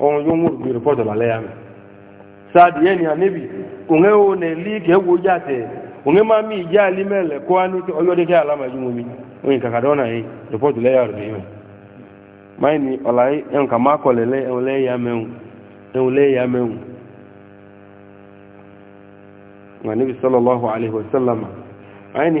ọ̀hún yóò mú bí rìpọ́tù ọ̀la lẹ́yà mi. sáàdì yẹn ni ànẹ́bì òun ẹ̀ wọ́n nẹ̀ lí kẹ́ wo yá tẹ̀ òun ẹ̀ máa mi ìjà alí mẹ́lẹ̀ kó anú ọyọ́dẹ́kẹ́ alámàjú mi oyin kàkàdọ́ ni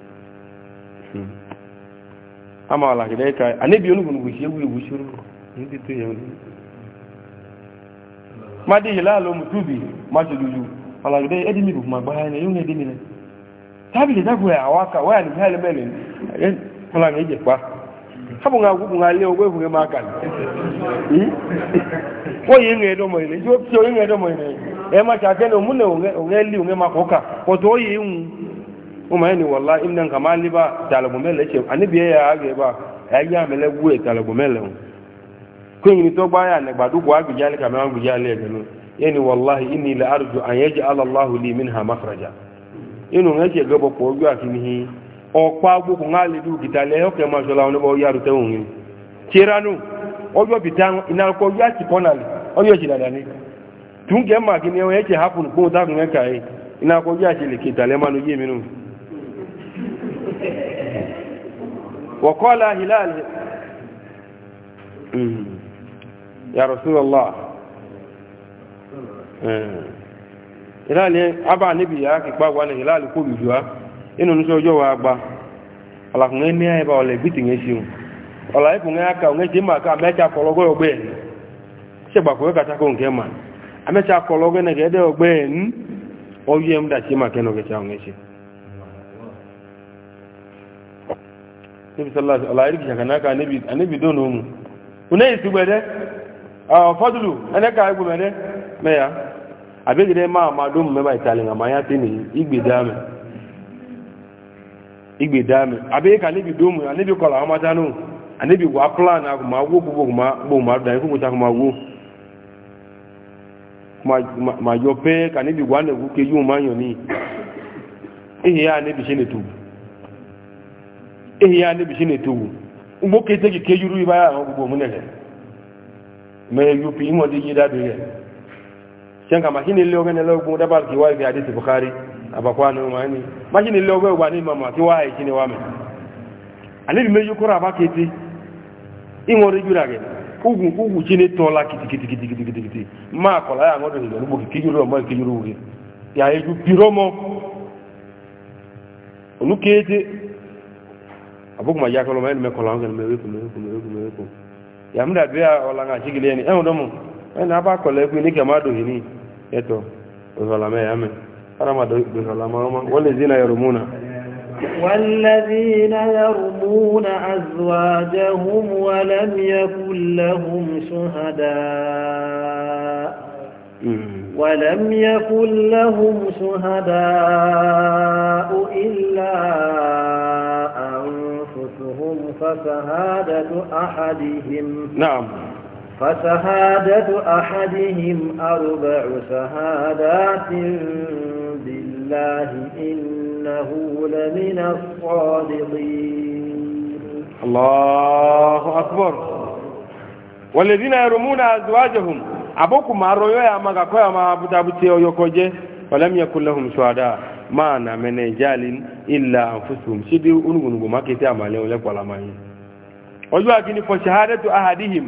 ama ala kide ka anabi gushi ewu ewu ndi hilalo mutubi ala edi mi bu ma gba ne yun edi mi ne tabi le dagu ya waka wa ni hele mele ala ni je pa sabu nga gugu nga le ogwe ma kan yi ko ye nge do mo ile jo pio ye nge do mo ile e ma cha tene mu ne li ma ko to un ụmụ ni wala inda nka ma liba talagbomele anyị ya aga ebe a ya gị amele gwu e talagbomele kwenye ni togba ya a gbadu gwa gujali ka ma gujali egenu yani wallahi inni la arju an yaj'al Allahu li minha makhraja inu ngache gbo ko gwa kinihi ọ̀pá gbogbo ńlá lè dúró gìtà lẹ́yìn ọ̀kẹ́ máa ṣọlá oníbọ̀ yàrá tẹ́wọ̀n yìí tìránù ọjọ́ bìtá ìnàkọ̀ yá ti وقال هلال يا رسول الله هلال أبا نبي يا كبا وانا هلال كوبي جوا إنه نسوا جوا أبا ala kun ene ya ba biti nge aka nge jima ka mecha kologo ogbe se ko ma amecha kọlọgọ de ogbe n oye mda jima ke ogecha cha níbi sọ́lá aláìríkì ṣàkànáka anábì dónà mú uné ìsìgbẹ̀dẹ́ fọ́dúlù ẹnẹ́ka ẹgbẹ̀mẹ̀dẹ́ mẹ́ya àbẹ́gẹ̀dẹ́ máa máa dómù mẹ́bà ìtàlẹ̀ àmáyá tí ní ìgbèdámẹ́ àbẹ́yẹ́ka anábì dómù anábì kọlà ọmọdánù anábì wà plan agùnmáwó gbogbo gbogbo gbogbo ehi ya n'ebi chi na-etowu ugbo ka ke gị ka ejuru ibe anya ọgwụgwọ me mee yupi ihe ọdị ihe dadụ ihe ma chi na-ele oge na-ele ogbo dabara ka iwa abakwa na ụmụ ma chi na-ele oge ogbo anyị ma mee anyị bi meju kwụrụ ma ya aṅụdụ higbe n'ugbo ka ijuru ọma abu kuma ya kalo mai mai kolo an mai ku mai ku mai ku mai ku ya mu da biya wala nga chigile ni en eh, do mu en eh, na ba kolo ku ni ke ma do hini eto o wala ya me ara ma do do wala ma ma wala zina yarumuna والذين يرمون أزواجهم ولم يكن لهم شهداء ولم يكن لهم شهداء إلا فشهادة أحدهم نعم فشهادة أحدهم أربع شهادات بالله إنه لمن الصادقين الله أكبر والذين يرمون أزواجهم أبوكم ما رؤيا ما قاكوا ما أبو تابتي ويوكوجي ولم يكن لهم شهداء ما نمن جالين illa anfusuhum sidi unugunugu makete amale ole kwala manye ojo akini fo shahadatu ahadihim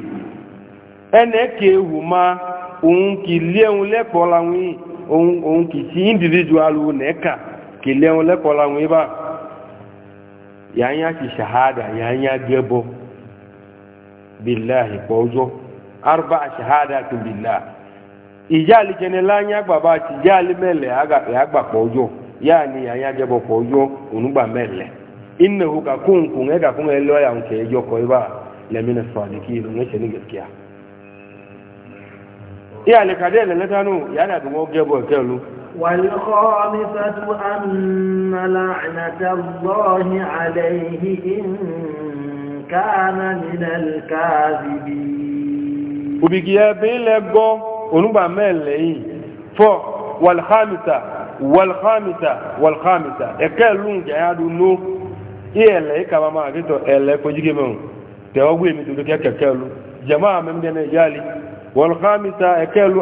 ene ke huma un ki leun le kwala wi un un ki si individual u neka ki leun le kwala wi ba yanya ki shahada yanya gebo billahi kojo arba shahadatu billah ijali jenelanya baba ti jali mele aga agba kojo yaa ni yanya jɛbɔ kɔ yɔ onugba mɛlɛ innahu ka kun kun ɛ ka kun ɛ lɔ yan kɛ yɔ kɔ i ba lɛmina sɔɔdiki yɛlɛ ŋa sɛni gaskiya iya le ka dɛ lɛlɛ tanu yana duŋɔ jɛbɔ kɛlu. والخامسة أن لعنة الله عليه إن كان من الكاذبين وبيجي بيلغو onugba mɛlɛ yi fɔ والخامسة walhamisa walhamisa ẹ̀kẹ́ lóun jẹ́ àádú ló iye ẹ̀lẹ́ ìkàbá máa rí tọ ẹ̀lẹ́ kojúgé mẹ́rin tẹ̀wọ́gbé mi tó lókẹ́ kẹ̀kẹ́ ló jẹ́mọ́ àmẹ́mẹ́dẹ́nẹ́ yálì walhamisa ẹ̀kẹ́ ló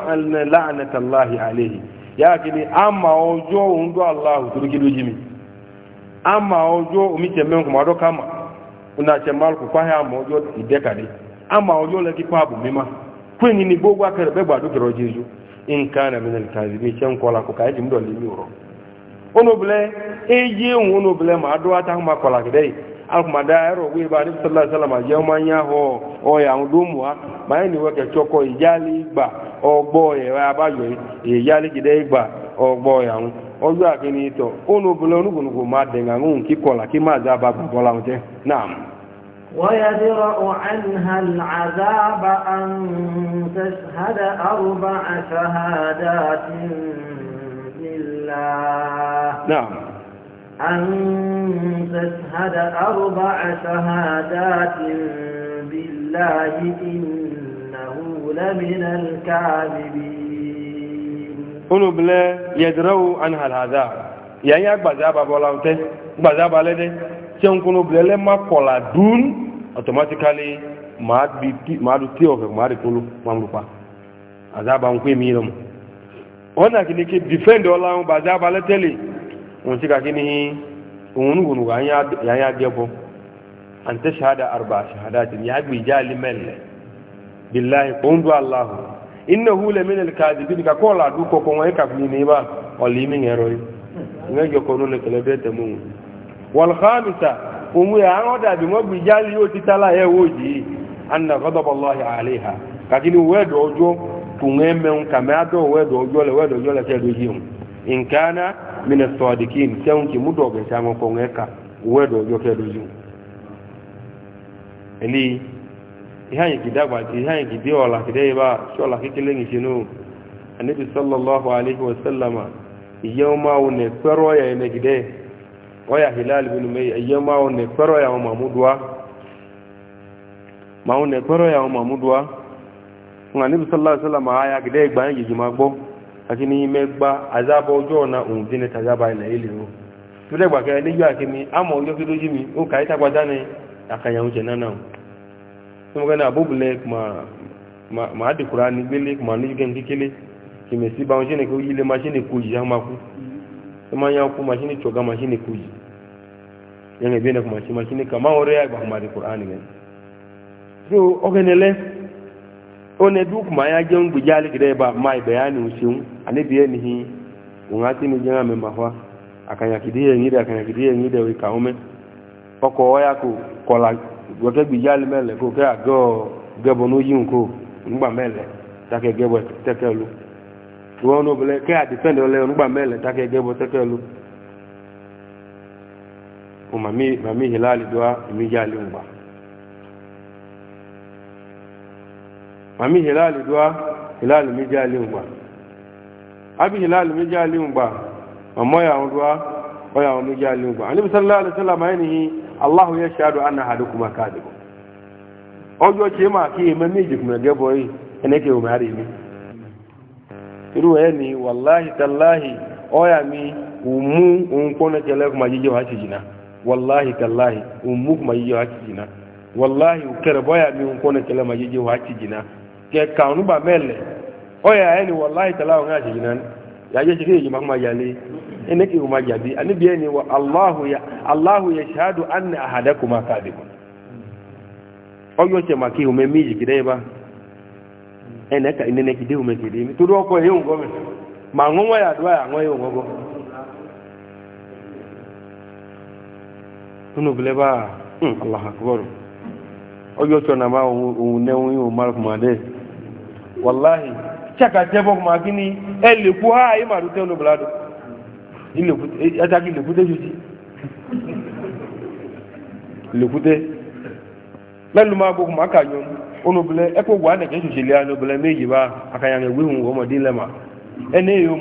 lánàtàláhì àléhì yáàkiri ama ọjọ́ òun dọ́ aláhù tó lókẹ́ lójí mi ama ọjọ́ omi tẹ̀mẹ́rin kò máa dọ́ kama ọ̀nà àtẹ̀mọ́ kò fáhẹ́ ama ọjọ́ ìdẹ́kàdé ama ọjọ́ lẹ́kí pààbò mímá kúnyìn ni gbogbo akẹ́rẹ̀ bẹ́gbàdókẹ̀rọ̀ jésù in kana min alkazibi chen kola ko ka jim do limi woro ono ble e ono ble ma do ata ma kola gidei al kuma da ro wi ba ni sallallahu alaihi wasallam je ma nya ho o ya ma ni we ke choko ijali gba ogbo ye wa ba yo ijali ọgbọ gba ogbo ya un ojo akini to ono ble ma de ngun ki kola ki ma za ba la ويدرأ عنها العذاب أن تشهد أربع شهادات بالله نعم أن تشهد أربع شهادات بالله إنه لمن الكاذبين قلوا بلا يدرأ عنها العذاب يعني أكبر ذابة بولاوته أكبر ذابة لديه tsenkunu bilele ma kɔla dun automatically maa bi ti maa du ti ɔfɛ maa de tolo maa mu pa azaba na kini ke defend ọla ŋu ba azaba lɛ tɛli ŋun ti ka kini ŋunuŋunu ka yan ya gɛ fɔ an tɛ shahada arba shahada ti yaa gbi bilahi do alahu inna hu le minɛ bi ka du e ka والخامسة أمي عودة بمبجال يوتتلا يوجي أن غضب الله عليها لكن ويد أجو تنمم كما أدو ويد أجو لويد أجو لتدوجيهم إن كان من الصادقين سيونك مدوغ سيونك كونغيكا ويد أجو تدوجيهم إلي إهاني كدابة إهاني كديولا كديبا شوالا كتلين شنو النبي صلى الله عليه وسلم يوم أو نفروا يا نجده waya hilal bin mai ayye mawo ne kwaro ya mamuduwa mawo ne kwaro ya mamuduwa nga nabi sallallahu alaihi wasallam aya gide gba yin jima gbo akini megba azaba ojo na un dine tajaba ina ile o to de gba ke ni yo akini amo ojo ki doji mi o kai ta gbaja ni akanya unje nana o to mo gana abu black ma ma ma di qur'an gbele ma ni gen kikele kimesi ba unje ne ko ile machine ko yi ma ku ma ya ku machine choga machine ko yi yanga bene kuma ci ma kama wore ya ba kuma di qur'ani ne so ogenele one du kuma ya je ngu jali gide ba mai bayani usiun ani biye ni hi ungati ni jenga me mahwa akanya kidiye ngide akanya kidiye ngide we kaume oko oya ku kola gote gbi jali mele ko ke ago gebo no yun ko ngba mele take gebo tekelu won no bele ke a defend ole ngba mele take gebo tekelu umami mami hilali dua imijali umba mami hilali dua hilali mijali umba abi hilali mijali umba mamoya ondua oya mijali umba anabi sallallahu alaihi wasallam ayini allah yashhadu anna hadukuma kadib ojo chema ki memeji kuma gebo yi eneke umari mi iru eni wallahi tallahi oya mi umu unkona kele kuma jijo hasi jina wallahi tallahi umuk ma yiyo hati jina wallahi ukere boya mi unkone kele ma yiyo hati jina ke kaunu ba mele oya yani wallahi tallahi nga hati jina ya je shike yima kuma yale ene ki kuma jabi ani biye ni wa ya allah yashhadu anna ahadakuma kadibun oyo che maki umemiji kideba ene ka inene mi ko ma ya ya ngoyo ngogo nínú filẹ bá hmm, allah akbar ọjọ sọ nàbà òun nẹwọn yóò má kùmà dẹ wàláhì tíyàkà jẹ bọ kùmà kíni ẹ lè kú ha ayé màdùn tẹ olóbìlà dùn ẹtàkì lèkúté jù sí lèkúté mẹlú máa bọ kùmà kà yọ olóbìlẹ ẹkọ wà nẹkẹ ṣoṣe lé olóbìlẹ méjì bá ọmọdé yóò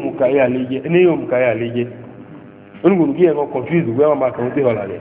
mú lé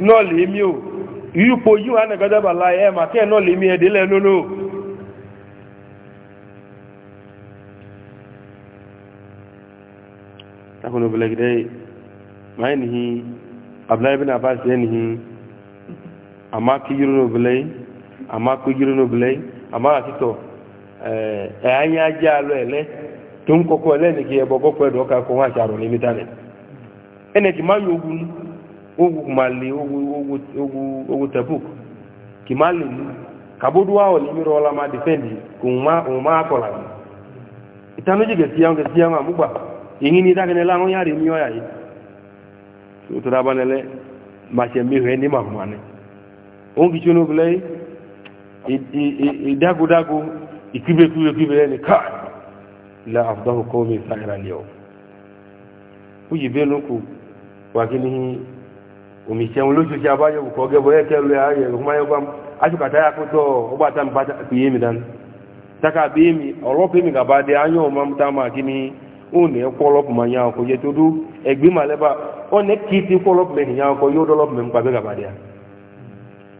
nọ́ọ̀lì èmi o yípo yíò anàgọ́dẹ́bà láyé ẹ̀ màkẹ́ ẹ̀ nọ́ọ̀lì èmi ẹ̀dẹ́lẹ̀ lónà o takunu bilagidai ma yi nihi abdullahi bin abbas ya nihi amma ki yiro no bilai yiro no ma ogu mali ogu ogu ogu ogu tabuk kimali kabudu wao limiro la ma defendi kuma uma kola itano jige tiyango tiyango mugba ingini dagene lango yari miyo yayi so turabanele mache mi hendi mahmane ongi chuno gulei idagu dagu ikibe kibe kibe ni ka la afdahu qawmi sa'ira al-yawm ujibe nuku wakini omiseun lóṣù tí a bá yọ̀wù kọ́ gẹ́bọ̀ ẹ́kẹ́rù ayẹ̀ ìhúnmáyọ́gbá aṣùkàtà yàkótọ́ ọgbà tá nípa pèé mi dání taka bèé mi ọlọ́pẹ́ mi gàbá dé ayọ́ ọmọ tá máa kí ni ó nẹ́ kọ́lọ́pù máa yàn ọkọ̀ ma tó dú ẹgbẹ́ máa lẹ́bà ó nẹ́ kí ti kọ́lọ́pù mẹ́rin yàn ọkọ̀ yóò dọ́lọ́pù mẹ́rin pàbẹ́ gàbá dé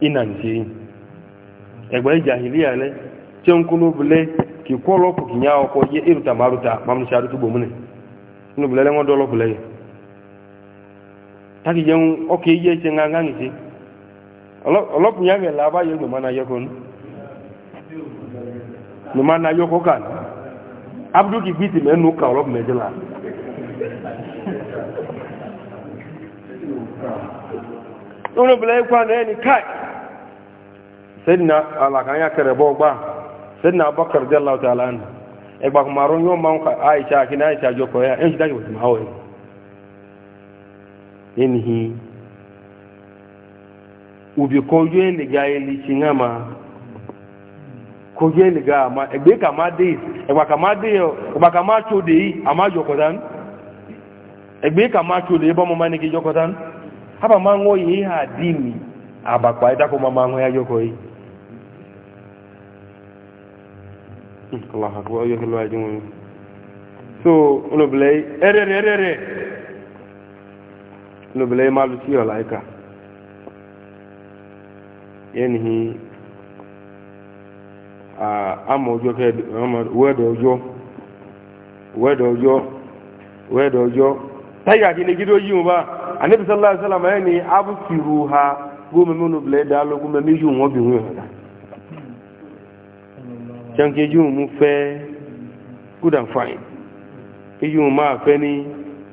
iná nìṣe ẹgbẹ́ ìjà ìlíyà lẹ tí ó ń kó lóbulẹ̀ kí ma taki jẹun oke iye ṣe ń gángan nìṣe ọlọ́pùn yàgẹ̀ làbáyé lòmánà yọkọ ní lòmánà yọkọ kà ní abdul kìgbì tì mẹ́nu kà ọlọ́pùn mẹ́jọ là. nínú bìlẹ̀ ikú àná ẹni káì sẹ́dínà alàkànyà kẹrẹ bọ́ gbà sẹ́dínà abọ́kẹrẹ dẹ́láwọ̀ tààlà ẹgbàkùnmárún ma ka en yanihi ubi kojo yeli ga yeli chingama kojo yeli ga ma egbe ka ma de egba ka ma de egba ka ma cho de ama jokodan egbe ka ma cho de bomo mani ki jokodan haba mango yi ha dimi abakwa ita ko mango ya jokoi Allah akbar ayyuhal wajibun so ulo blay erere erere nobele ma lu ti ola ika a ama ojo ke ama wedo ojo wedo ojo wedo ojo taiga kini gido yi ba anabi sallallahu alaihi wasallam yani abkiruha gome mo nobele mi bi mu fe ma fe ni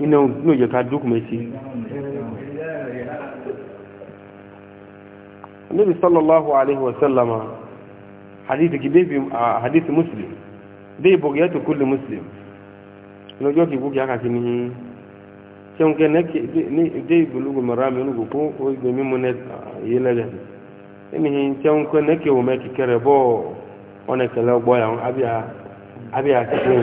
iná ní òjò ká dúkùmẹ́ sí níbi sallallahu alaihi wasallama hadithi ki débi hadithi muslim débi bọ̀gẹ́ tó kúlù muslim lọ́jọ́ kí búkẹ́ aka kí ní ṣẹ́nkẹ́ débi bulugu mara mi nugu kó o gbé mímú ní yé lẹ́gẹ̀ ẹni hin ṣẹ́nkẹ́ nẹ́kẹ́ wọ́n mẹ́kẹ́ bọ́ ọ̀nà kẹlẹ́ ọgbọ́ yà abíyà abíyà kẹsìn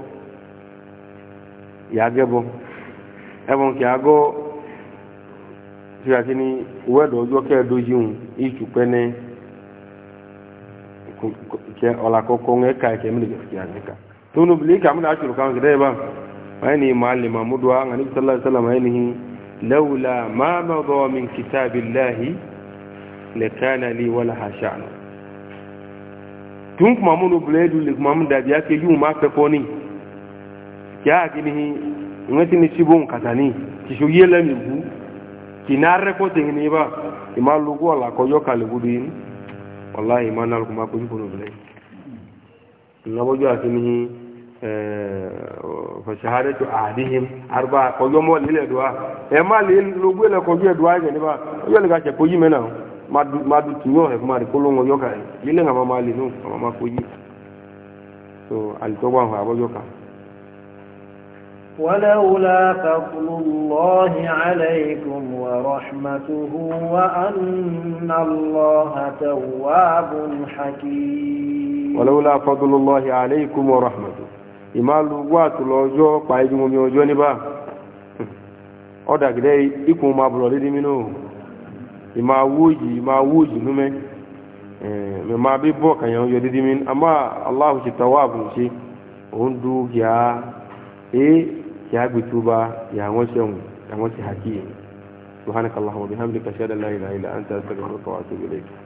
yàgẹ́bọ ẹ̀wọ̀n kì í agọ́ fíjàkí ni wẹ́ẹ̀dọ̀ ọjọ́ kẹ́ẹ̀dójúùn ìtù pẹ́ẹ́nẹ́ kẹ́ ọ̀làkọ́kọ́ ń ẹ̀ka ẹ̀kẹ́ mílíọ̀nù fìyà nìkan tó nu bìlí kàmú náà ṣòro káwọn kìdá yẹn bá wọ́n ní màálì mahmudu wa ní sallá sallá wọ́n ní lẹ́wùlà máàmá bọ́ọ̀ mi kìtà bìláhi lẹ́kánà lè wọ́lá hàṣà tún kùmàmú nu bìlẹ́ẹ̀dù lè kùmàmú ya gini ngati ni sibon katani kisho yela mi bu kinare ko tengini ba ima lugu ala ko yokale budin wallahi manal kuma ko jibo no bele nabo jo akini eh, fa shahadatu ahadihim arba ko yomo lile dua e ma lil lugu le ko je dua gani ba yo le ga che ko yime na madu madu tinyo he eh, kuma ko longo yokale yile ngama mali no ngama ko yi so alitoba ha abo yokale ولولا فضل الله عليكم ورحمته وأن الله تواب حكيم ولولا فضل الله عليكم ورحمته إما لغوات الأجو قائد من يوجو نبا أدك دي إكو ما برولي منو إما ووجي إما ووجي نمي مما بيبوك يوجو دي من أما الله تواب نسي هندو يا إيه ya gbi tuba ya wancan ya wancan hakiyin subhanakallahumma bihamdika ashhadu an la ilaha illa anta astaghfiruka wa atubu ilayk